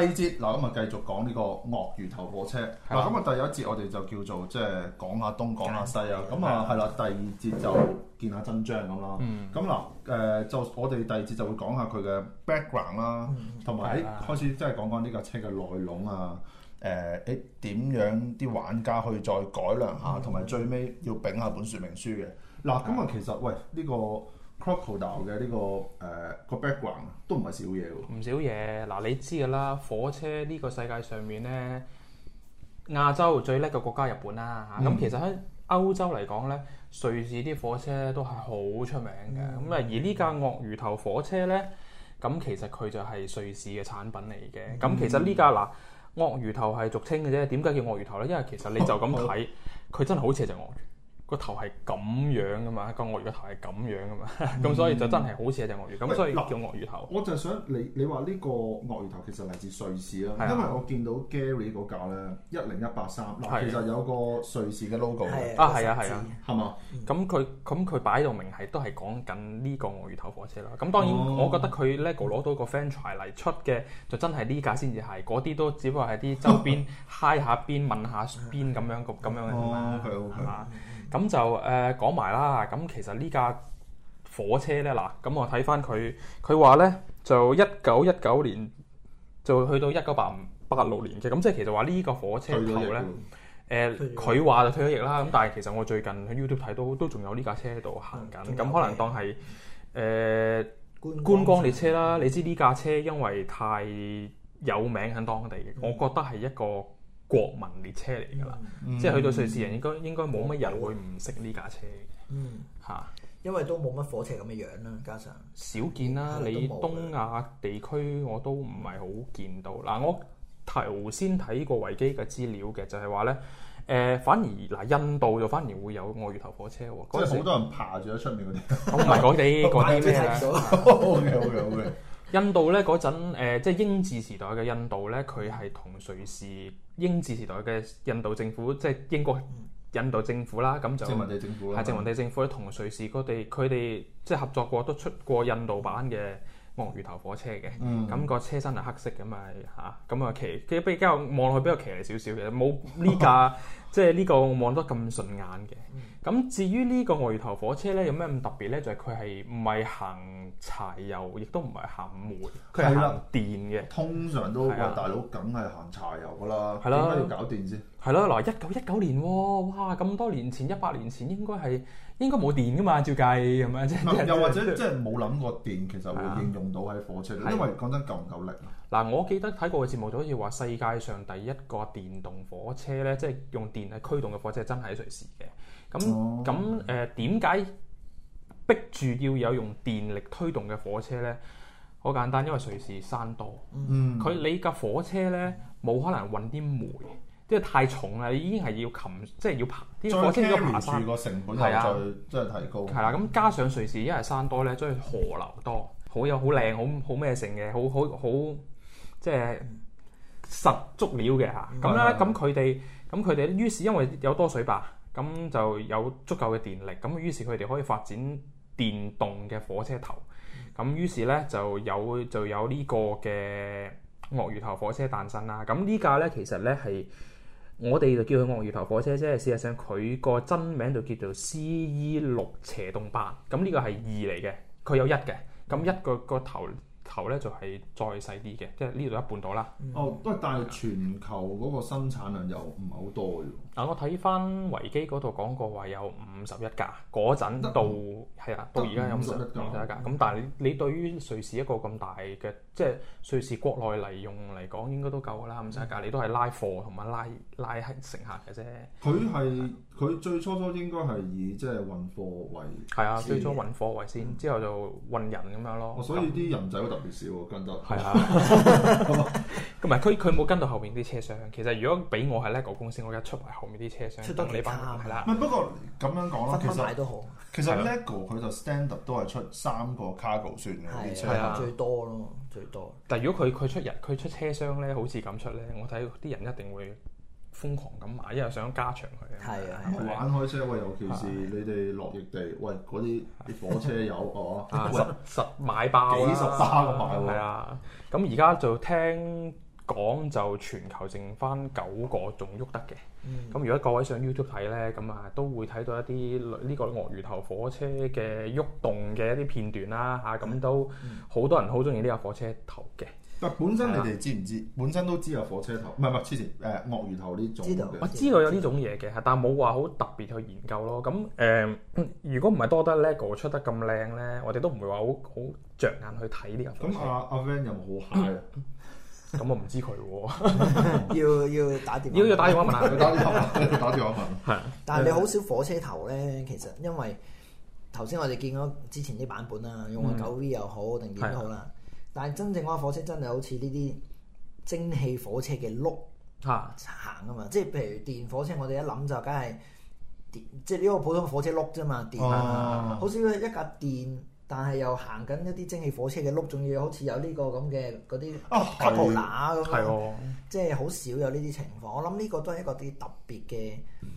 第二節嗱咁啊，繼續講呢個鱷魚頭火車。嗱咁啊，第一節我哋就叫做即係講下東講下西啊。咁啊，係啦，第二節就見下真章咁啦。咁嗱誒，就我哋第二節就會講下佢嘅 background 啦，同埋喺開始即係講講呢架車嘅內籠啊。誒，誒點樣啲玩家可以再改良下，同埋最尾要抦下本說明書嘅。嗱咁啊，其實喂呢個。Crocodile 嘅呢、這個誒、uh, background 都唔係少嘢喎，唔少嘢。嗱你知噶啦，火車呢個世界上面咧，亞洲最叻嘅國家日本啦嚇。咁、嗯、其實喺歐洲嚟講咧，瑞士啲火車都係好出名嘅。咁啊、嗯，而呢架鱷魚頭火車咧，咁其實佢就係瑞士嘅產品嚟嘅。咁、嗯、其實呢架嗱鱷魚頭係俗稱嘅啫。點解叫鱷魚頭咧？因為其實你就咁睇，佢 的真係好似隻鱷魚。個頭係咁樣噶嘛，個鱷魚個頭係咁樣噶嘛，咁所以就真係好似係隻鱷魚，咁所以叫鱷魚頭。我就想你你話呢個鱷魚頭其實嚟自瑞士啦，因為我見到 Gary 嗰架咧一零一八三，其實有個瑞士嘅 logo 嘅啊，係啊，係啊，係嘛？咁佢咁佢擺到明係都係講緊呢個鱷魚頭火車啦。咁當然我覺得佢 LEGO 攞到個 fantasy 嚟出嘅就真係呢架先至係，嗰啲都只不過係啲周邊嗨下邊問下邊咁樣個咁樣嘅啫嘛。咁就誒、呃、講埋啦。咁其實呢架火車呢，嗱，咁我睇翻佢，佢話呢，就一九一九年，就去到一九八五八六年嘅。咁即係其實話呢個火車頭咧，佢話就退咗役啦。咁但係其實我最近喺 YouTube 睇到都仲有呢架車喺度行緊。咁、嗯、可能當係誒、呃、觀光列車啦。你知呢架車因為太有名喺當地，嗯、我覺得係一個國民列車嚟㗎啦，即係去到瑞士人應該應該冇乜人會唔識呢架車，嗯，嗯嚇，因為都冇乜火車咁嘅樣啦，加上少見啦，你東亞地區我都唔係好見到。嗱，我頭先睇過維基嘅資料嘅，就係話咧，誒，反而嗱，印度就反而會有鱷魚頭火車喎，即係好多人爬住喺出面嗰啲，唔係講啲咩啊？我我我。 okay, okay, okay. 印度咧嗰陣，誒即係英治時代嘅印度咧，佢係同瑞士英治時代嘅印度政府，即係英國印度政府啦，咁就殖民地政府啦，係殖民地政府咧同瑞士佢哋佢哋即係合作過，都出過印度版嘅鱷魚頭火車嘅，咁、嗯、個車身係黑色嘅嘛嚇，咁啊奇。佢比較望落去比較騎嚟少少嘅，冇呢架 即係呢個望得咁順眼嘅。嗯。咁至於呢個鱷魚頭火車咧，有咩咁特別咧？就係佢係唔係行柴油，亦都唔係行煤，佢係行電嘅。通常都係大佬梗係行柴油㗎啦，點解了要搞電先？係咯，嗱，一九一九年喎，哇咁多年前，一百年前應該係應該冇電㗎嘛？照計咁樣即又或者了即係冇諗過電其實會應用到喺火車，了因為講真夠唔夠力？嗱，我記得睇過個節目就好似話世界上第一個電動火車咧，即係用電嚟驅動嘅火車，真係喺瑞士嘅。咁咁誒點解逼住要有用電力推動嘅火車咧？好簡單，因為瑞士山多，佢、嗯、你架火車咧冇可能運啲煤，即係太重啦。你已經係要擒，即係要爬，啲火車要爬山，住個成本係再即係提高。係啦、啊，咁加上瑞士因為山多咧，所以河流多，好有好靚好好咩成嘅，好好好即係實足料嘅嚇。咁咧，咁佢哋，咁佢哋於是因為有多水壩，咁就有足夠嘅電力，咁於是佢哋可以發展電動嘅火車頭，咁、嗯、於是呢就有就有呢個嘅鱷魚頭火車誕生啦。咁呢架呢，其實呢係我哋就叫佢鱷魚頭火車啫，事實上佢個真名就叫做 CE 六斜動八。咁呢個係二嚟嘅，佢有一嘅。咁一個一個頭頭呢就係再細啲嘅，即係呢度一半到啦。嗯、哦，不過但係全球嗰個生產量又唔係好多嗱，我睇翻維基嗰度講過話有五十一架，嗰陣到係啦，到而家有五十一架咁。但係你你對於瑞士一個咁大嘅，即係瑞士國內嚟用嚟講，應該都夠㗎啦，五十一架。你都係拉貨同埋拉拉客乘客嘅啫。佢係佢最初初應該係以即係運貨為，係啊，最初運貨為先，之後就運人咁樣咯。所以啲人仔都特別少，跟得係啊。咁埋佢佢冇跟到後邊啲車廂。其實如果俾我係 LEGO 公司，我一出埋後。出多啲班啦，係啦。唔係不過咁樣講啦，其實買都好。其實 lego 佢就 standard 都係出三個 cargo 算嘅，而且係最多咯，最多。但係如果佢佢出日佢出車廂咧，好似咁出咧，我睇啲人一定會瘋狂咁買，因為想加長佢啊。係係。玩開車喂，尤其是你哋落疫地。喂嗰啲啲火車友哦，十十買爆啦，幾十包買喎。係啊。咁而家就聽講就全球剩翻九個仲喐得嘅。咁、嗯、如果各位上 YouTube 睇咧，咁啊都會睇到一啲呢、這個鱷魚頭火車嘅喐動嘅一啲片段啦嚇，咁的都好多人好中意呢個火車頭嘅、嗯。但本身你哋知唔知？本身都知有火車頭，唔係唔係之前誒鱷魚頭呢種知。知道。知道我知道有呢種嘢嘅，但冇話好特別去研究咯。咁誒、呃，如果唔係多得 LEGO 出得咁靚咧，我哋都唔會話好好著眼去睇呢個。咁阿阿 Van 有冇好蟹。啊？啊 咁我唔知佢喎，要要打電話，要打電話問啊，打電話問，係。但係你好少火車頭咧，其實因為頭先我哋見咗之前啲版本啦，用個九 V 又好定點好啦。嗯、但係真正嗰個火車真係好似呢啲蒸汽火車嘅轆嚇行啊嘛，即係譬如電火車，我哋一諗就梗係電，即係呢個普通火車轆啫嘛，電、啊、好、啊、少一架電。但係又行緊一啲蒸汽火車嘅轆，仲要好似有呢個咁嘅嗰啲哦，coupler 咁樣，即係好少有呢啲情況。我諗呢個都係一個啲特別嘅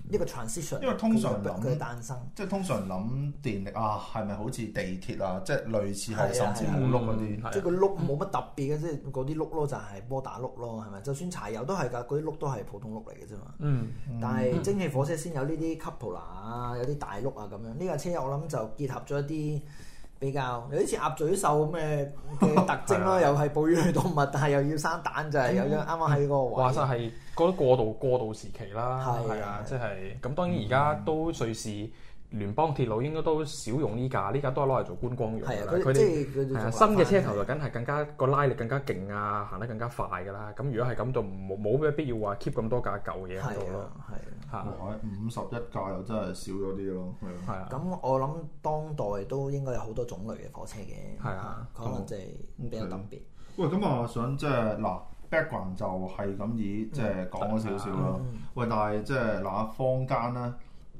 一個 transition。因為通常佢啲單身，即係通常諗電力啊，係咪好似地鐵啊？即係類似係甚至冇轆嗰啲。即係個轆冇乜特別嘅，即係嗰啲轆咯，就係波打轆咯，係咪？就算柴油都係㗎，嗰啲轆都係普通轆嚟嘅啫嘛。嗯，但係蒸汽火車先有呢啲 coupler 啊，有啲大轆啊咁樣。呢架車我諗就結合咗一啲。比較有啲似鴨嘴獸咁嘅嘅特徵咯， 啊、又係哺乳類動物，但係又要生蛋就係、 啊、有樣啱啱喺嗰個位。話曬係嗰個過渡過渡時期啦，係啊，即係咁當然而家都瑞士。嗯嗯聯邦鐵路應該都少用呢架，呢架都係攞嚟做觀光用嘅。係佢哋係新嘅車頭就梗係更加個拉力更加勁啊，行得更加快噶啦。咁如果係咁就冇冇咩必要話 keep 咁多架舊嘢喺度咯。係啊，係五十一架又真係少咗啲咯。係啊。咁、啊、我諗當代都應該有好多種類嘅火車嘅。係啊，可能即、就、係、是、okay. 比較特別。喂，咁啊，我想即係嗱，background 就係咁以即係講咗少少咯。喂，但係即係嗱，坊間咧。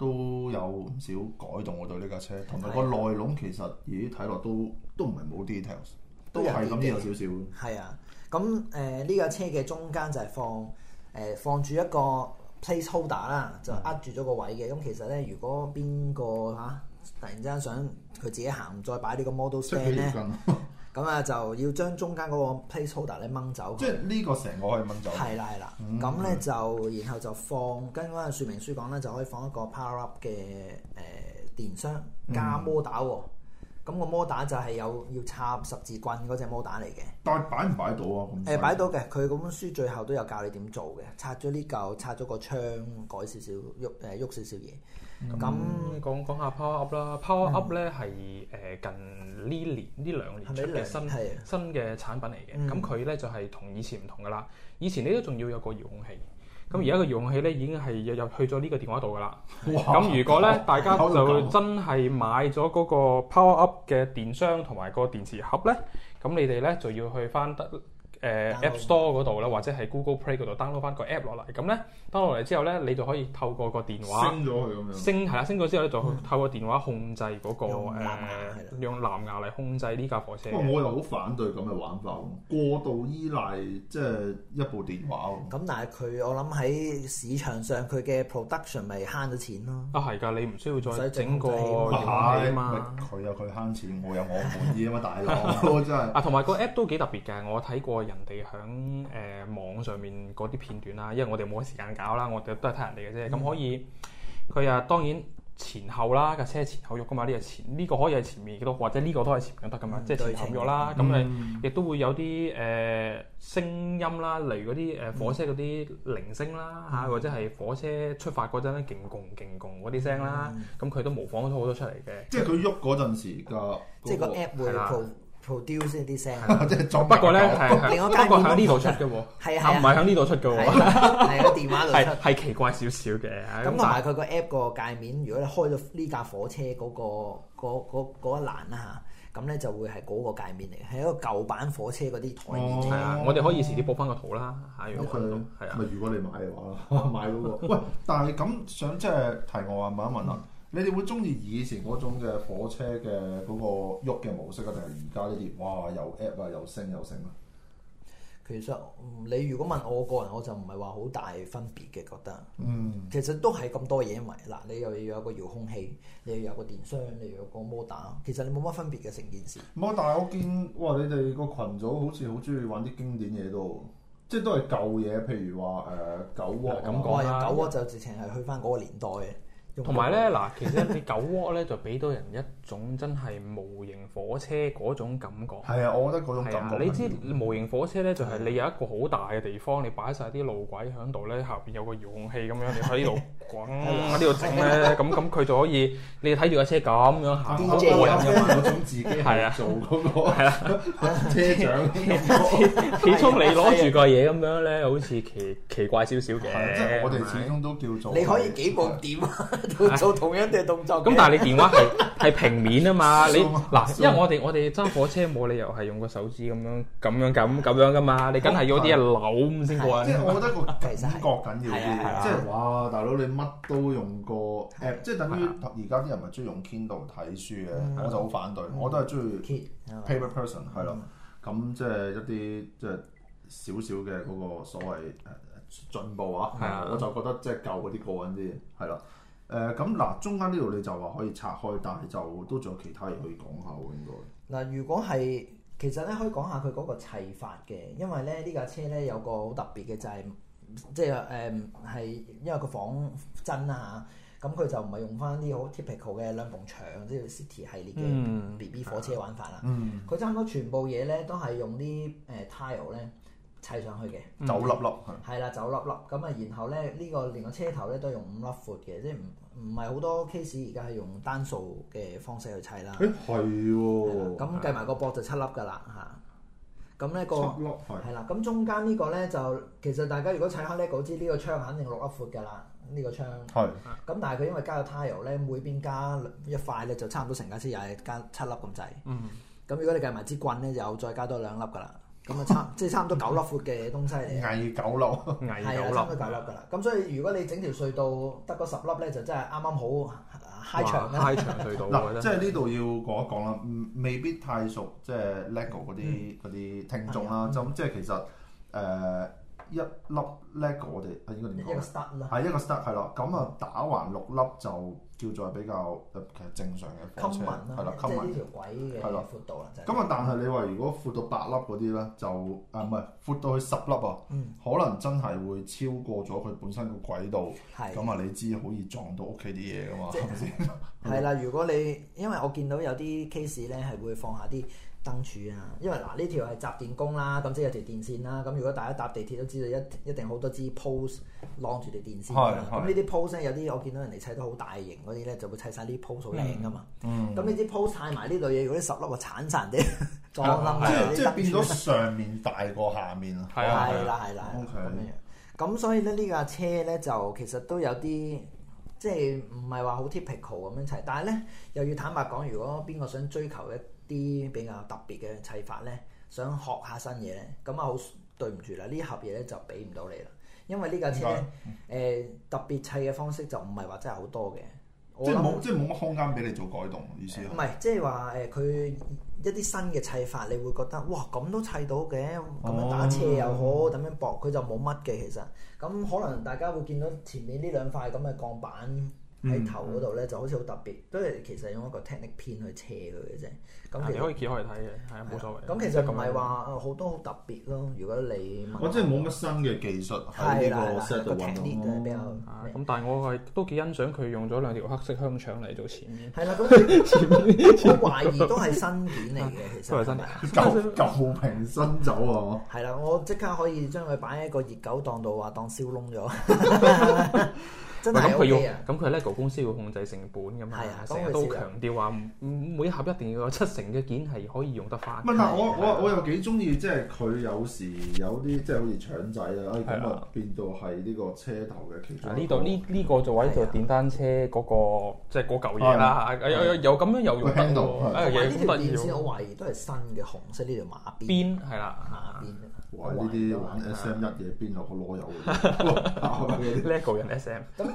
都有唔少改動。我對呢架車，同埋個內籠其實，咦睇落都都唔係冇 details，都係咁都有一點點都有少少。係啊，咁誒呢架車嘅中間就係放誒、呃、放住一個 placeholder 啦，就扼住咗個位嘅。咁、嗯、其實咧，如果邊個嚇突然之間想佢自己行，再擺呢個 model stand 咧？ 咁啊，就要將中間嗰個 place holder 咧掹走。即係呢個成個可以掹走。係啦係啦，咁咧、嗯、就然後就放，跟嗰個說明書講咧，就可以放一個 power up 嘅誒、呃、電箱加摩打喎。嗯咁個摩打就係有要插十字棍嗰隻摩打嚟嘅，但係擺唔擺到啊？誒，擺到嘅，佢嗰本書最後都有教你點做嘅，拆咗呢嚿，拆咗個窗，改少少喐，誒喐少少嘢。咁講講下 Power Up 啦，Power Up 咧係誒近呢年呢兩年出嘅新係係新嘅產品嚟嘅，咁佢咧就係同以前唔同噶啦，以前呢都仲要有個遙控器。咁而家個容器咧已經係入入去咗呢個電話度㗎啦。咁哇如果咧噗大家就真係買咗嗰個 PowerUp 嘅電箱同埋個電池盒咧，咁你哋咧就要去翻得。誒、呃、load App Store 嗰度咧或者係 Google Play 嗰度 download 翻個 app 落嚟，咁咧 download 嚟之後咧，你就可以透過個電話升咗佢咁樣升係啦，升咗之後咧，就透過電話控制，那個嗰個，誒用藍牙嚟，呃、控制呢架火車，不過我又好反對咁嘅玩法，過度依賴即係一部電話。咁，嗯、但係佢我諗喺市場上佢嘅 production 咪慳咗錢咯。啊係㗎，你唔需要再整個啊嘛。佢有佢慳錢，我有我滿意啊嘛，大佬真係。啊，同埋個 app 都幾特別嘅，我睇過人哋響誒網上面嗰啲片段啦，因為我哋冇時間搞啦，我哋都係睇人哋嘅啫。咁可以，佢啊當然前後啦，架車前後喐噶嘛。呢個前呢個可以係前面嘅，或者呢個都係前面得噶嘛，即係前後喐啦。咁誒亦都會有啲誒聲音啦，例如嗰啲誒火車嗰啲鈴聲啦嚇，或者係火車出發嗰陣勁共勁共嗰啲聲啦。咁佢都模仿咗好多出嚟嘅。即係佢喐嗰陣時㗎，即係個 app 會報。Produce 先啲聲，不過咧，係係，不過喺呢度出嘅喎，係啊，唔係喺呢度出嘅喎，喺個電話度係奇怪少少嘅。咁同埋佢個 App 個界面，如果你開咗呢架火車嗰個嗰一欄啦嚇，咁咧就會係嗰個界面嚟，係一個舊版火車嗰啲台面。哦，係啊，我哋可以遲啲播翻個圖啦嚇，如果係啊，如果你買嘅話，買嗰個。喂，但係咁想即係提我問一問啊。你哋會中意以前嗰種嘅火車嘅嗰個喐嘅模式啊，定係而家呢啲？哇，又 app 啊，又升又升啊！其實你如果問我個人，我就唔係話好大分別嘅，覺得。嗯。其實都係咁多嘢，因為嗱，你又要有一個遙控器，你要有個電箱，你要有個摩打，其實你冇乜分別嘅成件事。冇，但係我見哇，你哋個群組好似好中意玩啲經典嘢都，即係都係舊嘢，譬如話誒九鍋咁講啦。九鍋就直情係去返嗰個年代。同埋咧，嗱， 其實你狗窩咧就俾到人一種真係模型火車嗰種感覺。係 啊，我覺得嗰種感覺啊。你知模型火車咧，就係你有一個好大嘅地方， 你擺晒啲路軌喺度咧，下邊有個遙控器咁樣， 你喺度。 喺呢度整咧，咁咁佢就可以，你睇住架車咁樣行，好過癮噶嘛？始終自己係做嗰個，係啊車長。始終你攞住個嘢咁樣咧，好似奇奇怪少少嘅。我哋始終都叫做你可以幾部點做做同樣嘅動作。咁但係你電話係係平面啊嘛？你嗱，因為我哋我哋揸火車冇理由係用個手指咁樣咁樣咁咁樣噶嘛？你梗係要啲嘢扭咁先過癮。即係我覺得個視覺緊要啲。即係哇，大佬你～乜都用個 a、啊、即係等於而家啲人咪中意用 Kindle 睇書嘅，啊、我就好反對，嗯、我都係中意 keep paper person 係咯。咁即係一啲即係少少嘅嗰個所謂誒進步啊，啊嗯、我就覺得即係舊嗰啲過癮啲，係啦、啊。誒咁嗱，中間呢度你就話可以拆開，但係就都仲有其他嘢可以講下喎，啊、應該。嗱，如果係其實咧，可以講下佢嗰個砌法嘅，因為咧呢架車咧有個好特別嘅就係、是。即係誒，係因為個仿真啊，咁佢就唔係用翻啲好 typical 嘅兩埲牆，即係 City 系列嘅 B B 火車玩法啦。佢差唔多全部嘢咧都係用啲誒 tile 咧砌上去嘅，走粒粒。係啦，走粒粒。咁啊，然後咧呢個連個車頭咧都係用五粒闊嘅，即係唔唔係好多 case，而家係用單數嘅方式去砌啦。誒係喎。咁計埋個膊就七粒㗎啦嚇。咁呢、呢個係啦，咁中間個呢個咧就其實大家如果睇開呢就知，呢個窗肯定六粒闊㗎啦。呢、呢個窗係，咁是但係佢因為加咗 tile 咧，每邊加一塊咧就差唔多成架車又係加七粒咁滯。嗯，咁如果你計埋支棍咧，就再加多兩粒㗎啦。咁啊 差，即係差唔多九粒闊嘅東西嚟。九粒、嗯，係差唔多九粒㗎啦。咁 所以如果你整條隧道得嗰十粒咧，就真係啱啱好。太長哇，太長隧道嗱， 即係呢度要講一講啦，未必太熟，即係 LEGO 嗰啲嗰啲聽眾啦，咁、嗯、即係其實誒、嗯呃、一粒 LEGO 我哋啊應該點講、啊？一個 stud 啦，係一個 stud 係啦，咁啊打橫六粒就叫做係比較其實正常嘅車，係啦 Common,，溝埋即係的是呢條軌嘅，係啦，闊度啦。咁啊，但係你話如果闊到八粒嗰啲咧，就誒唔係闊到去十粒啊，嗯、可能真係會超過咗佢本身個軌道。係的。咁啊，你知好易撞到屋企啲嘢噶嘛？係咪先？係啦吧，如果你因為我見到有啲 case 咧，係會放下啲，燈柱啊，因為嗱呢條係集電弓啦，咁即係有條電線啦。咁如果大家搭地鐵都知道，一一定好多支 post 晾住條電線㗎啦。咁呢啲 post 咧，有啲我見到人哋砌得好大型嗰啲咧，就會砌晒啲 post 好靚㗎嘛。咁呢啲 post 曬埋呢類嘢，如果十粒個鏟殘啲，裝冧咗啲。即係變咗上面大過下面。係啦係啦，咁樣。咁所以咧呢架車咧就其實都有啲，即係唔係話好 typical 咁樣砌？但係咧又要坦白講，如果邊個想追求一啲比較特別嘅砌法咧，想學下新嘢咧，咁啊好對唔住啦，呢盒嘢咧就俾唔到你啦，因為呢架車咧，誒託、呃、特別砌嘅方式就唔係話真係好多嘅，即係冇即係冇乜空間俾你做改動，意思啊？唔係、呃，即係話誒，佢、就是呃、一啲新嘅砌法，你會覺得哇，咁都砌到嘅，咁樣打斜又好，咁、哦、樣薄，佢就冇乜嘅其實。咁可能大家會見到前面呢兩塊咁嘅鋼板。喺頭嗰度咧就好似好特別，都係其實用一個 technic 片去斜佢嘅啫。咁其實可以揭開嚟睇嘅，係啊冇所謂。咁其實唔係話好多好特別咯。如果你，我真係冇乜新嘅技術喺呢個 set 嘅，咁，但係我係都幾欣賞佢用咗兩條黑色香腸嚟做前邊。係啦，咁前邊我懷疑都係新片嚟嘅，其實舊瓶新酒啊！係啦，我即刻可以將佢擺喺一個熱狗檔度話當燒燶咗。咁佢要，咁佢係 LEGO 公司要控制成本咁啊，成日都強調話，每盒一定要有七成嘅件係可以用得返。我我我又幾中意，即係佢有時有啲即係好似腸仔啊，咁啊變到係呢個車頭嘅。其中嗱呢度呢呢個座位就係電單車嗰個，即係嗰嚿嘢啦，有咁樣又用得到，嘅嘢都得。呢啲線我懷疑都係新嘅紅色呢條馬鞭，係啦。哇！呢啲玩 SM 一嘢邊有個攞友嘅。LEGO 人 SM。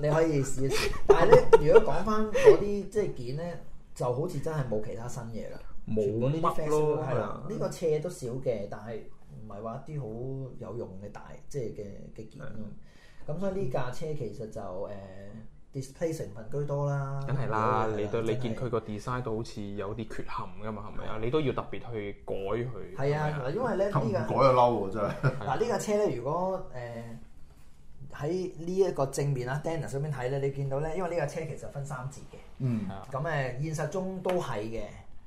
你可以試一試，但係咧，如果講翻嗰啲即係件咧，就好似真係冇其他新嘢啦，冇呢啲。係啦，呢個車都少嘅，但係唔係話一啲好有用嘅大即係嘅嘅件。咁所以呢架車其實就誒 display 成分居多啦。梗係啦，你對你見佢個 design 都好似有啲缺陷㗎嘛，係咪啊？你都要特別去改佢。係啊，因為咧呢架改就嬲喎，真係。嗱呢架車咧，如果誒。喺呢一個正面啊，Dennis 上面睇咧，你見到咧，因為呢架車其實分三節嘅。嗯，咁誒，現實中都係嘅，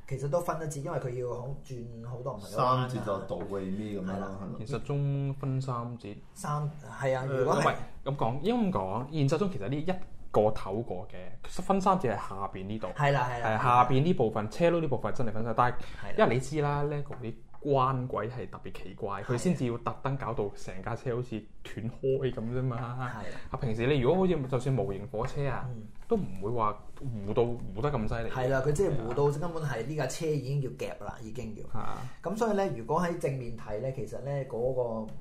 其實都分一節，因為佢要好轉好多唔同。三節就到位啲咁樣咯。係啦，現實中分三節。三係啊，如果唔係咁講，應該咁講。現實中其實呢一個頭過嘅，分三節係下邊呢度。係啦，係啦。係下邊呢部分車路呢部分真係分晒。但係因為你知啦，呢個。關鬼係特別奇怪，佢先至要特登搞到成架車好似斷開咁啫嘛。係啊，平時你如果好似就算模型火車啊，嗯、都唔會話糊到糊得咁犀利。係啦，佢即係糊到根本係呢架車已經要夾啦，已經要。係啊，咁所以咧，如果喺正面睇咧，其實咧嗰個，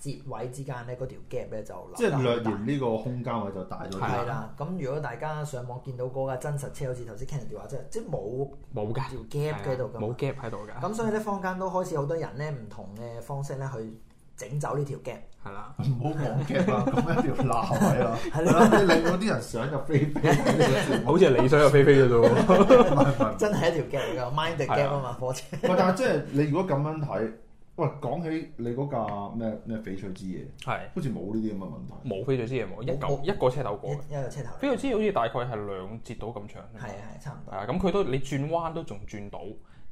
節位之間咧，嗰條 gap 咧就即係略嫌呢個空間位就大咗啲。係啦，咁如果大家上網見到嗰架真實車，好似頭先 Kennedy 嘅話，即係即係冇冇嘅條 gap 喺度㗎，冇 gap 喺度㗎。咁所以咧，坊間都開始好多人咧，唔同嘅方式咧去整走呢條 gap。係啦，唔好冇 gap 啊！咁一條爛位咯。係啦，你有啲人想入飛飛，好似係你想入飛飛嘅。真係一條 gap 㗎，Mind the gap 啊嘛，火車。但係即係你如果咁樣睇。喂，講起你嗰架咩咩翡翠之夜，係好似冇呢啲咁嘅問題，冇翡翠之夜，冇一一個車頭過，一個車頭，翡翠之好似大概係兩節到咁長，係啊係差唔多，啊咁佢都你轉彎都仲轉到，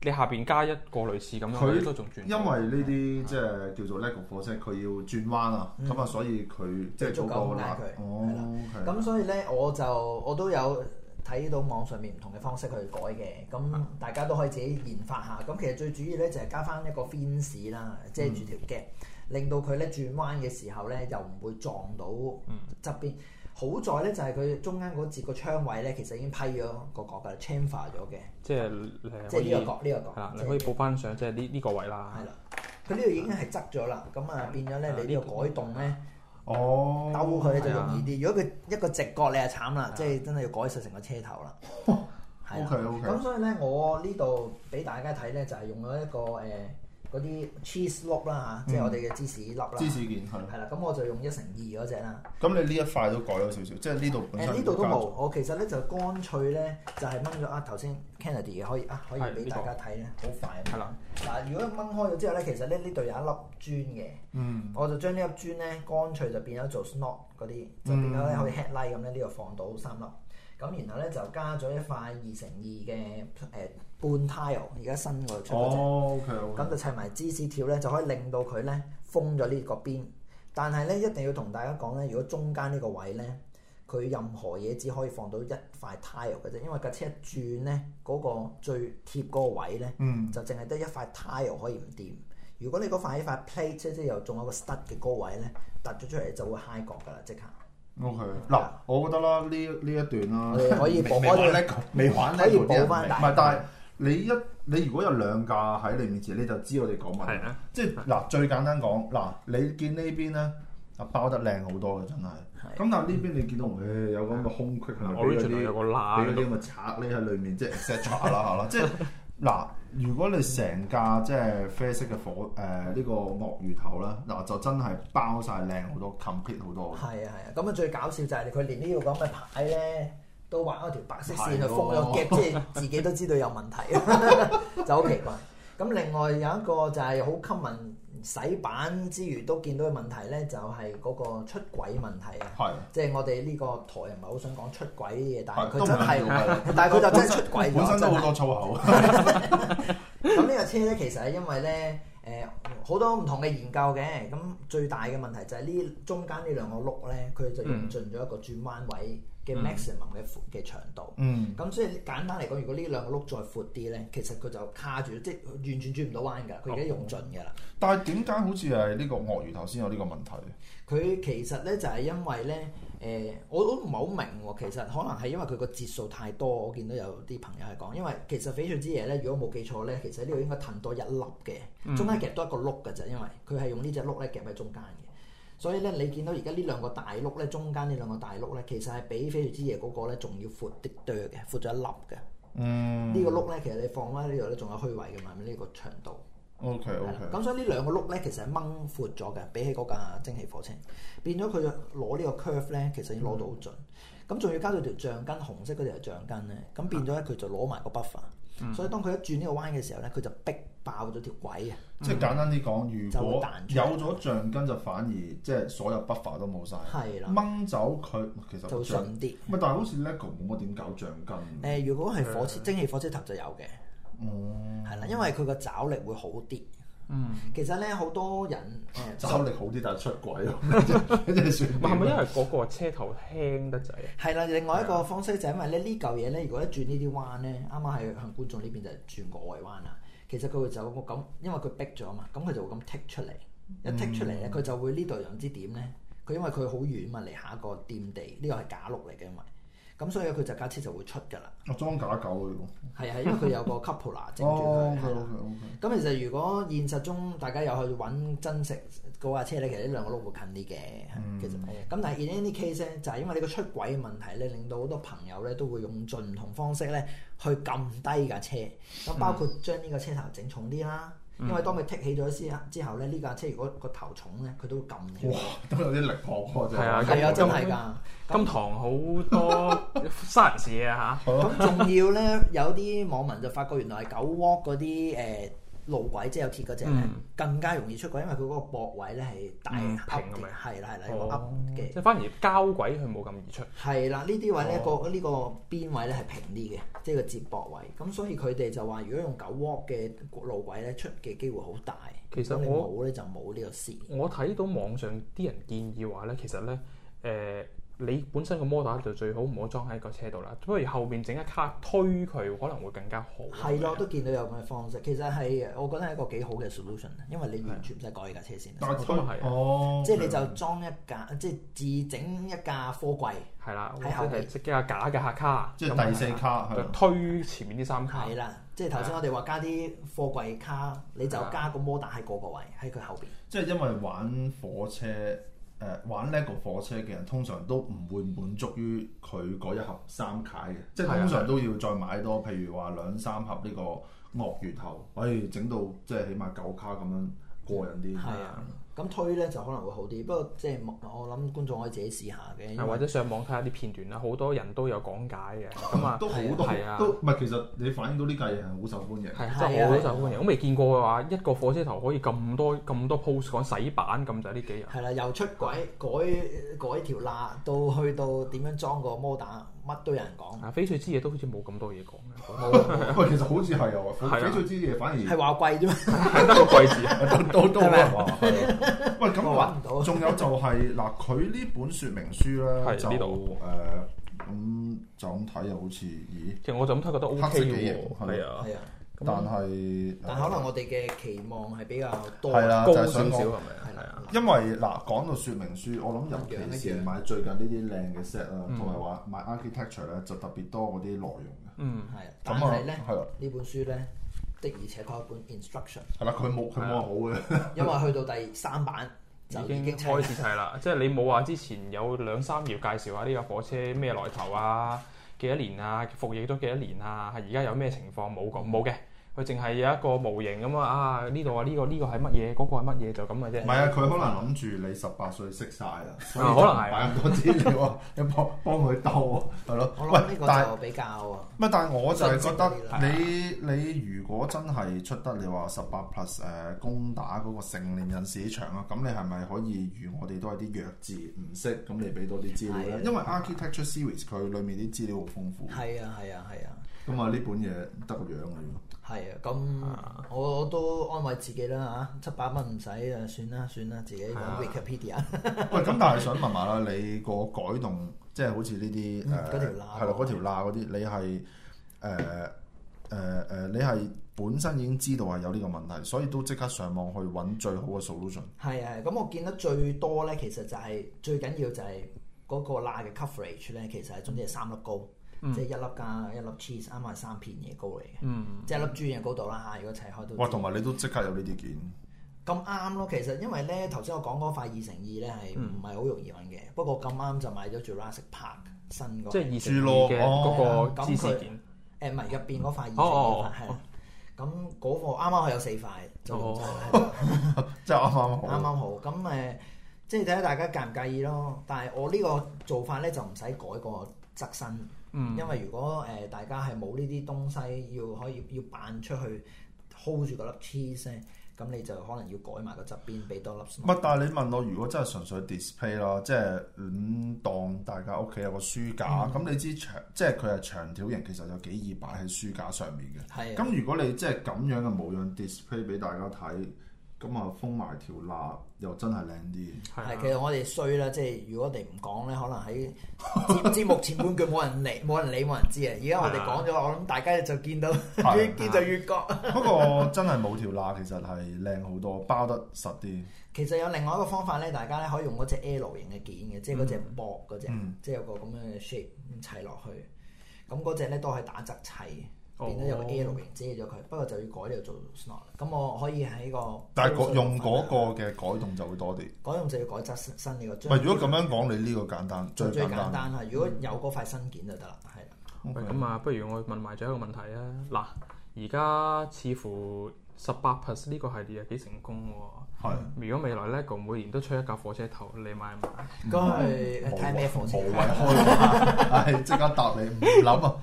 你下邊加一個類似咁樣，佢都仲轉，因為呢啲即係叫做 LEGO 火車，佢要轉彎啊，咁啊所以佢即係足夠拉佢哦，咁所以咧我就我都有。睇到網上面唔同嘅方式去改嘅，咁大家都可以自己研發下。咁其實最主要咧就係加翻一個 fence 啦，遮住條 gap、嗯、令到佢咧轉彎嘅時候咧又唔會撞到側邊。嗯、好在咧就係佢中間嗰節個窗位咧，其實已經批咗個角㗎，chamfer 咗嘅。嗯、即係即係呢個角，呢的個角係啦，的你可以補翻上即係呢呢個位啦。係啦，佢呢度已經係側咗啦，咁啊、嗯嗯、變咗咧你呢個改動咧。哦，兜佢就容易啲。啊、如果佢一個直角，你就慘啦，啊、即係真係要改曬成個車頭啦。哇啊、OK OK。咁所以咧，我呢度俾大家睇咧，就係、是、用咗一個誒。呃嗰啲 cheese block 啦嚇，loop，即係我哋嘅芝士粒啦，嗯。芝士件係？係啦，咁我就用一乘二嗰隻啦。咁你呢一塊都改咗少少，嗯、即係呢度本身。誒呢度都冇，我其實咧就乾脆咧就係掹咗啊，頭先 Kennedy 嘅，可以啊是可以俾大家睇咧好快。係啦，嗱，如果掹開咗之後咧，其實咧呢度有一粒磚嘅，嗯，我就將呢粒磚咧乾脆就變咗做 SNOT 嗰啲，就變咗咧可以 headlight 咁咧呢度放到三粒。咁然後咧就加咗一塊二乘二嘅誒半 tile，而家新嘅出咗隻，咁就、哦 okay, okay, 砌埋芝士條咧就可以令到佢咧封咗呢個邊。但係咧一定要同大家講咧，如果中間呢個位咧，佢任何嘢只可以放到一塊 tile 嘅啫，因為架車一轉咧，嗰、嗰個最貼嗰個位咧，嗯、就淨係得一塊 tile 可以唔掂。如果你嗰塊呢塊 plate 咧，pl ate, 即係又仲有個 stud 嘅嗰個位咧，凸咗出嚟就會嗨角㗎啦，即刻。O K，嗱我覺得啦，呢呢一段啦，可以播可以咧未玩可咧，唔係但係你一你如果有兩架喺你面前，你就知我哋講乜嘢。即係嗱最簡單講，嗱你見呢邊咧啊包得靚好多嘅真係。咁但係呢邊你見到誒有咁嘅空隙，我呢邊仲係有個罅嘅。你嗰啲匿喺裏面，即係 set up 啦，即係。嗱，如果你成架即係啡色嘅火誒呢、呃這個鱷魚頭啦，嗱、呃、就真係包晒靚好多 complete 好多嘅。係啊係啊，咁啊最搞笑就係佢連呢、這個咁嘅牌咧，都畫咗條白色線去封咗 gap 即係自己都知道有問題， 哈哈就好奇怪。咁另外有一個就係好 common。洗版之餘都見到嘅問題咧，就係嗰個出軌問題啊！即係的我哋呢個台又唔係好想講出軌嘅嘢，但係佢真係，但係佢就真係出軌。本身都好多粗口。咁呢 個車咧，其實係因為咧，誒、呃、好多唔同嘅研究嘅。咁最大嘅問題就係呢中間呢兩個轆咧，佢就用盡咗一個轉彎位。嗯嘅 maximum 嘅寬嘅長度，咁、嗯、所以簡單嚟講，如果呢兩個碌再闊啲咧，其實佢就卡住，即係完全轉唔到彎㗎。佢而家用盡㗎啦、嗯。但係點解好似係呢個鱷魚頭先有呢個問題？佢其實咧就係因為咧，誒、呃，我都唔係好明喎。其實可能係因為佢個節數太多。我見到有啲朋友係講，因為其實翡翠之夜咧，如果冇記錯咧，其實呢個應該褪多一粒嘅，中間夾多一個碌㗎啫。因為佢係用呢隻碌咧夾喺中間嘅。所以咧，你見到而家呢兩個大碌咧，中間呢兩個大碌咧，其實係比翡翠之夜嗰個咧，仲要闊啲。對嘅，闊咗一粒嘅。嗯。個呢個碌咧，其實你放返喺呢度咧，仲有虛位嘅嘛？呢、呢個長度。O K O K。咁所以呢兩個碌咧，其實係掹闊咗嘅，比起嗰架蒸汽火車，變咗佢就攞呢個 curve 咧，其實要攞到好準。咁仲、嗯、要加咗條橡筋，紅色嗰條橡筋咧，咁變咗咧、er, 嗯，佢就攞埋個筆法。所以當佢一轉呢個彎嘅時候咧，佢就逼。爆咗條鬼啊！即係簡單啲講，如果有咗橡筋，就反而即係所有 buffer 都冇晒，係啦，掹走佢其實就順啲。但係好似 Lego 咁，冇乜點搞橡筋？誒，如果係火車蒸汽火車頭就有嘅。嗯，係啦，因為佢個爪力會好啲。嗯，其實咧，好多人爪力好啲，但係出軌咯。真係咪因為嗰個車頭輕得滯？係啦，另外一個方式就係因為咧呢嚿嘢咧，如果一轉呢啲彎咧，啱啱係向觀眾呢邊就係轉過外彎啦。其實佢會走，咁，因為佢逼咗啊嘛，咁佢就會咁剔出嚟，嗯、一剔出嚟咧，佢就會呢度又唔知點咧，佢因為佢好遠嘛，離下一個墊地，呢個係假鹿嚟嘅，因為。咁所以佢就架車就會出㗎啦。啊裝假狗嚟係啊係， 因為佢有個 coupler 整住佢。哦 了，係啊係啊。咁其實如果現實中大家有去揾真實嗰架車咧，其實呢兩個碌會近啲嘅。嗯、mm。Hmm. 其實，咁但係 in any case 咧，就係因為呢個出軌問題咧，令到好多朋友咧都會用盡唔同方式咧去撳低架車。咁、mm hmm. 包括將呢個車頭整重啲啦。因為當佢踢起咗之之後咧，呢架車如果個頭重咧，佢都會撳嘅。哇！都有啲力學喎，真係哇啊，係金啊，金真係㗎。金堂金好多沙士啊吓！咁仲要咧，有啲網民就發覺原來係 9V 嗰啲誒。呃路軌即係有鐵嗰隻，嗯、更加容易出軌，因為佢嗰個駁位咧係大、嗯、平嘅，係啦係啦，係、哦、個凹嘅，即係反而膠軌佢冇咁易出。係啦，呢啲位咧個呢個邊位咧係平啲嘅，即係個接駁位，咁所以佢哋就話如果用 9V 嘅路軌咧，出嘅機會好大。其實我冇咧就冇呢個事。我睇到網上啲人建議話咧，其實咧誒。你本身個摩打就最好唔好裝喺個車度啦，不如後面整一卡推佢，可能會更加好。係咯的，我都見到有咁嘅方式。其實係，我覺得係一個幾好嘅 solution，因為你完全唔使改架車先。但的哦，即係你就裝一架，白即係自整一架貨櫃，係啦，喺後邊即架架嘅客卡，即係第四卡，的就推前面啲三卡。係啦的，即係頭先我哋話加啲貨櫃卡，的你就加個摩打喺嗰個位，喺佢後邊。即係因為玩火車。誒玩 LEGO 火車嘅人通常都唔會滿足於佢嗰一盒三卡嘅，即係的通常都要再買多，譬如話兩三盒呢個鱷魚頭，可以整到即係起碼九卡咁樣過癮啲。係啊。咁推咧就可能會好啲，不過即、就、係、是、我諗觀眾可以自己試下嘅。係或者上網睇下啲片段啦，好多人都有講解嘅。咁 多、嗯、啊，都係啊，都唔係其實你反映到呢件嘢係好受歡迎，即係好受歡迎。我未見過嘅話，嗯、一個火車頭可以咁多咁、嗯、多 post 講、洗版，咁就呢幾日。係啦、啊，又出軌改改條罅，到去到點樣裝個摩打。乜都有人講，翡翠之夜都好似冇咁多嘢講。喂，其實好似係喎，翡翠之夜反而係話貴啫嘛，係得個貴字，多多多喂，咁我揾唔到。仲有就係嗱，佢呢本說明書咧就呢度誒咁就咁睇又好似咦？其實我就咁睇覺得 O K 嘅喎，係啊。但係，但可能我哋嘅期望係比較多，係啦，高少少。係咪？講，係啦，因為嗱講到說明書，我諗尤其是買最近呢啲靚嘅 set 啊，同埋話買 architecture 咧，就特別多嗰啲內容嘅。嗯，係。咁啊，係。呢本書咧的而且確一本 instruction。係咪佢冇咁好嘅？因為去到第三版就已經開始睇啦，即係你冇話之前有兩三頁介紹下呢架火車咩來頭啊，幾多年啊，服役咗幾多年啊，係而家有咩情況冇咁冇嘅。佢淨係有一個模型咁啊！啊，呢度啊，呢個呢個係乜嘢？嗰個係乜嘢？就咁嘅啫。唔係啊！佢可能諗住你十八歲識晒啦，可能擺咁多資料，啊，幫幫佢兜係咯。啊、我諗呢個喂就比較啊。乜但？但係我就係覺得你你，你如果真係出得，你話十八 Plus 誒攻打嗰個成年人市場啊，咁你係咪可以與我哋都係啲弱智唔識，咁你俾多啲資料咧？因為 Architecture Series 佢裡面啲資料好豐富。係啊係啊係啊！咁啊呢本嘢得個樣㗎。係啊，咁我，我都安慰自己啦吓，七百蚊唔使啊，算啦算啦，自己揾 Wikipedia，啊。喂，咁但係想問下啦，你個改動即係好似呢啲誒，係咯、嗯，嗰、呃、條罅嗰啲，你係誒誒誒，你係本身已經知道係有呢個問題，所以都即刻上網去揾最好嘅 solution。係啊，咁我見得最多咧，其實就係、係、最緊要就係嗰個罅嘅 coverage 咧，其實總之係三粒高。即係一粒加一粒 cheese，啱啱係三片嘢糕嚟嘅，即係一粒珠嘅高度啦。如果齊開到哇，同埋你都即刻有呢啲件咁啱咯。其實因為咧，頭先我講嗰塊二乘二咧係唔係好容易揾嘅。不過咁啱就買咗 Jurassic Park 新嘅珠咯嘅嗰個芝士件。誒，唔係入邊嗰塊二乘二係咁嗰個啱啱係有四塊，就就啱啱啱啱好咁誒，即係睇下大家介唔介意咯。但係我呢個做法咧就唔使改個側身。嗯、因為如果誒大家係冇呢啲東西要可以要扮出去 hold 住嗰粒 cheese 咁你就可能要改埋個側邊，俾多粒。乜？但係你問我，如果真係純粹 display 咯，即係咁當大家屋企有個書架，咁、嗯、你知長即係佢係長條型，其實有幾易擺喺書架上面嘅。係的。咁如果你即係咁樣嘅模樣 display 俾大家睇。咁啊，封埋條罅又真係靚啲。係，其實我哋衰啦，即係如果我哋唔講咧，可能喺知目前半句冇人理，冇 人理冇人，人知啊。而家我哋講咗，的我諗大家就見到，的見到越見就越覺。不過的 真係冇條罅，其實係靚好多，包得實啲。其實有另外一個方法咧，大家咧可以用嗰隻 L 型嘅件嘅，即係嗰隻薄嗰隻，嗯、即係有個咁樣嘅 shape 砌落去。咁嗰隻咧都係打側砌 Oh. 變咗有個 L 型遮咗佢，不過就要改呢個做 SNOT。咁我可以喺、呢個，但係用嗰個嘅改動就會多啲、嗯。改動就要改側身呢個。唔係不，這個、如果咁樣講，你呢個簡單最簡單啦。單嗯、如果有嗰塊新件就得啦，係啦。咁啊，不如我問埋最後一個問題啊。嗱，而家似乎十八 Plus 呢個系列係幾成功喎？係，如果未來 LEGO 每年都出一架火車頭，你買唔買？嗰係睇咩火車？無謂開，即刻答你，唔諗啊，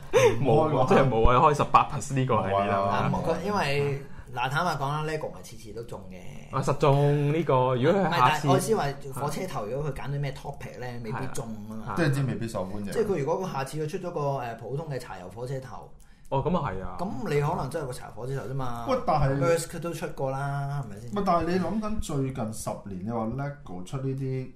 無即係無謂開十八 plus 呢個係咪？因為嗱坦白講啦，LEGO 唔係次次都中嘅。啊實中呢個，如果佢，係，但係我思話火車頭，如果佢揀啲咩 topic 咧，未必中啊嘛？即係知未必受歡迎。即係佢如果佢下次佢出咗個誒普通嘅柴油火車頭。哦，咁啊係啊！咁你可能真係個柴火車頭啫嘛。喂，但係佢都出過啦，係咪先？喂，但係你諗緊最近十年，你話 LEGO 出呢啲誒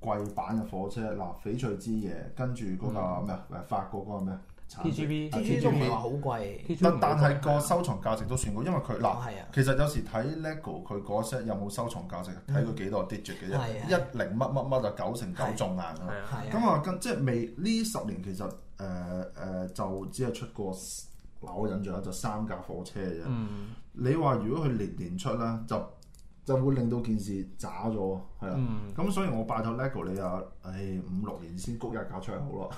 貴版嘅火車，嗱翡翠之夜，跟住嗰個咩啊？誒法國嗰個咩啊？TGV TGV 都唔好貴。但但係個收藏價值都算高，因為佢嗱，其實有時睇 LEGO 佢嗰 set 有冇收藏價值，睇過幾多 digit 嘅一零乜乜乜就九成九重硬嘅。咁啊，即係未呢十年其實。誒誒、呃呃、就只係出過，我印象有就三架火車啫。嗯、你話如果佢年年出咧，就就會令到件事渣咗。嗯，咁所以我拜託 LEGO 你啊，誒五六年先谷一架出嚟好咯。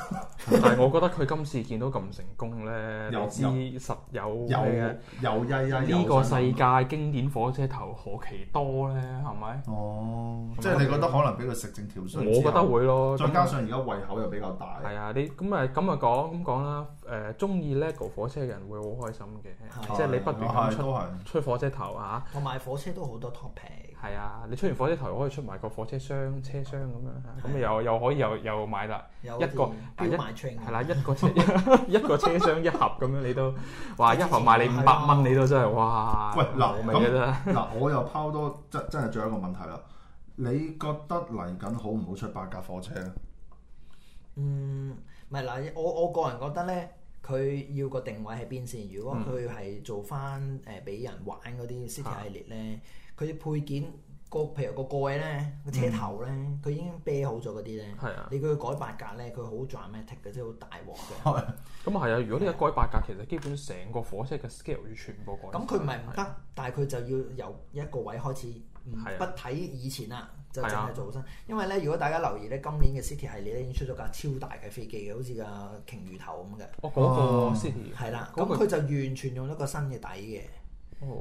但係我覺得佢今次見到咁成功咧，又實有嘅，有曳曳。呢個世界經典火車頭何其多咧，係咪？哦，即係你覺得可能俾佢食正條水？我覺得會咯。再加上而家胃口又比較大。係啊，你咁啊咁啊講咁講啦，誒中意 LEGO 火車嘅人會好開心嘅，即係你不斷咁出出火車頭嚇，同埋火車都好多 topic。係啊，你出完火車頭，可以出埋個火車箱，車箱咁樣，咁又又可以又又買啦，一個標賣箱嘅，係啦，一個車，一個車箱一盒咁樣，你都話一盒賣你五百蚊，你都真係哇！喂，流味嘅啫，嗱，我又拋多真真係最後一個問題啦。你覺得嚟緊好唔好出八架火車？嗯，唔係嗱，我我個人覺得咧，佢要個定位喺邊先。如果佢係做翻誒俾人玩嗰啲 City 系列咧。佢嘅配件個，譬如個蓋咧，個車頭咧，佢已經啤好咗嗰啲咧。係啊，你叫佢改八格咧，佢好 dramatic 嘅，即係好大鑊嘅。咁啊係啊，如果你一改八格，其實基本成個火車嘅 scale 要全部改。咁佢唔係唔得，但係佢就要由一個位開始，唔係，不睇以前啦，就淨係做新。因為咧，如果大家留意咧，今年嘅 City 系列咧已經出咗架超大嘅飛機嘅，好似個鯨魚頭咁嘅。哦，嗰個 City 係啦，咁佢就完全用一個新嘅底嘅。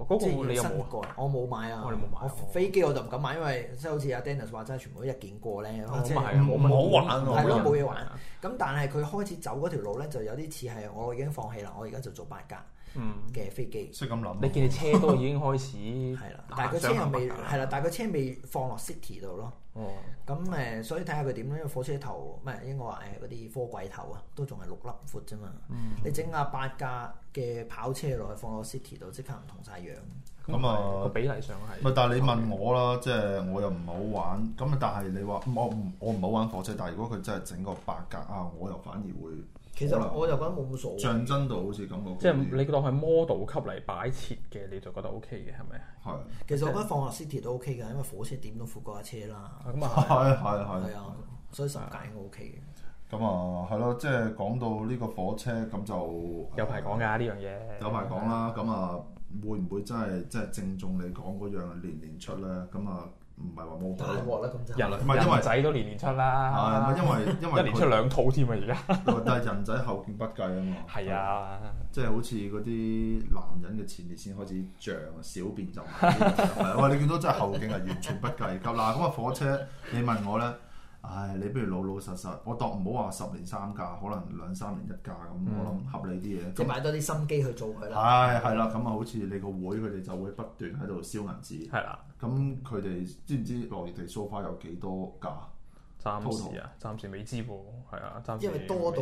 嗰你生活過，我冇買啊！我哋冇買，飛機我就唔敢買，因為即係好似阿 Dennis 話，真係全部都一件過咧，即係冇冇嘢玩。係咯，冇嘢玩。咁論論但係佢開始走嗰條路咧，就有啲似係我已經放棄啦，我而家就做八格。嗯嘅飛機，所以咁諗。你見你車都已經開始， 係啦， 但係個車又未，係啦，但係個車未放落 city 度咯。哦，咁誒那，嗯、所以睇下佢點咧。因為火車頭唔係應該話誒嗰啲貨櫃頭啊，都仲係六粒闊啫嘛。嗯、你整下八架嘅跑車落去放落 city 度，即刻唔同晒樣。嗯咁啊，比例上係咪？但係你問我啦，即係我又唔好玩。咁啊，但係你話我唔，我唔好玩火車。但係如果佢真係整個八格啊，我又反而會。其實我又覺得冇乜所謂。象徵到好似咁即係你當係 model 級嚟擺設嘅，你就覺得 OK 嘅，係咪？係。其實我覺得放落 city 都 OK 嘅，因為火車點都闊過架車啦。咁啊，係係啊，係啊，所以十格應該 OK 嘅。咁啊，係咯，即係講到呢個火車咁就有排講㗎呢樣嘢。有排講啦，咁啊。會唔會真係即係正中你講嗰樣年年出咧？咁啊，唔係話冇可能人，唔係是因為仔都年年出啦。係 因為因為一年 出兩套添啊？而 家但係人仔後勁不計啊嘛。係啊，即係好似嗰啲男人嘅前列腺開始脹，小便就係哇！ 你見到真係後勁係完全不計。咁嗱，咁啊火車，你問我咧？唉，你不如老老實實，我當唔好話十年三架，可能兩三年一架咁，嗯、我諗合理啲嘢。即係買多啲心機去做佢啦。係係啦，咁啊，嗯、好似你個會，佢哋就會不斷喺度燒銀紙。係啦的，咁佢哋知唔知內地 so far 有幾多架？暫時啊，暫時未知喎，係啊，暫時因為多到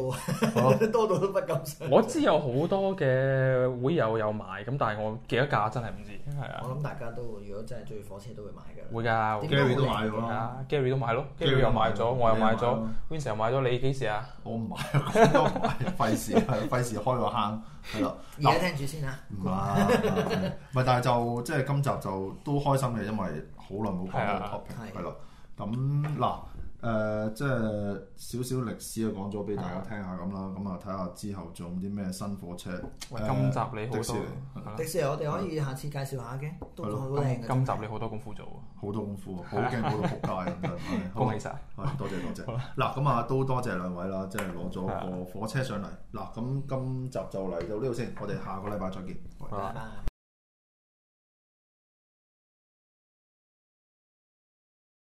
多到都不敢我知有好多嘅會友有買，咁但係我幾多價真係唔知，係啊。我諗大家都如果真係中意火車都會買㗎。會㗎，Gary 都買㗎，Gary 都買咯，Gary 又買咗，我又買咗，Vincent 又買咗，你幾時啊？我唔買，費事費事開個坑，係啦。而家聽住先啊。唔買，唔係，但係就即係今集就都開心嘅，因為好耐冇講呢咁嗱。誒，即係少少歷史啊，講咗俾大家聽下咁啦。咁啊，睇下之後仲有啲咩新火車。喂，今集你好多的士，的士我哋可以下次介紹下嘅，都好靚嘅。今集你好多功夫做喎，好多功夫喎，好驚，好到仆街啊！恭喜曬，多謝多謝。嗱，咁啊，都多謝兩位啦，即係攞咗個火車上嚟。嗱，咁今集就嚟到呢度先，我哋下個禮拜再見。拜拜。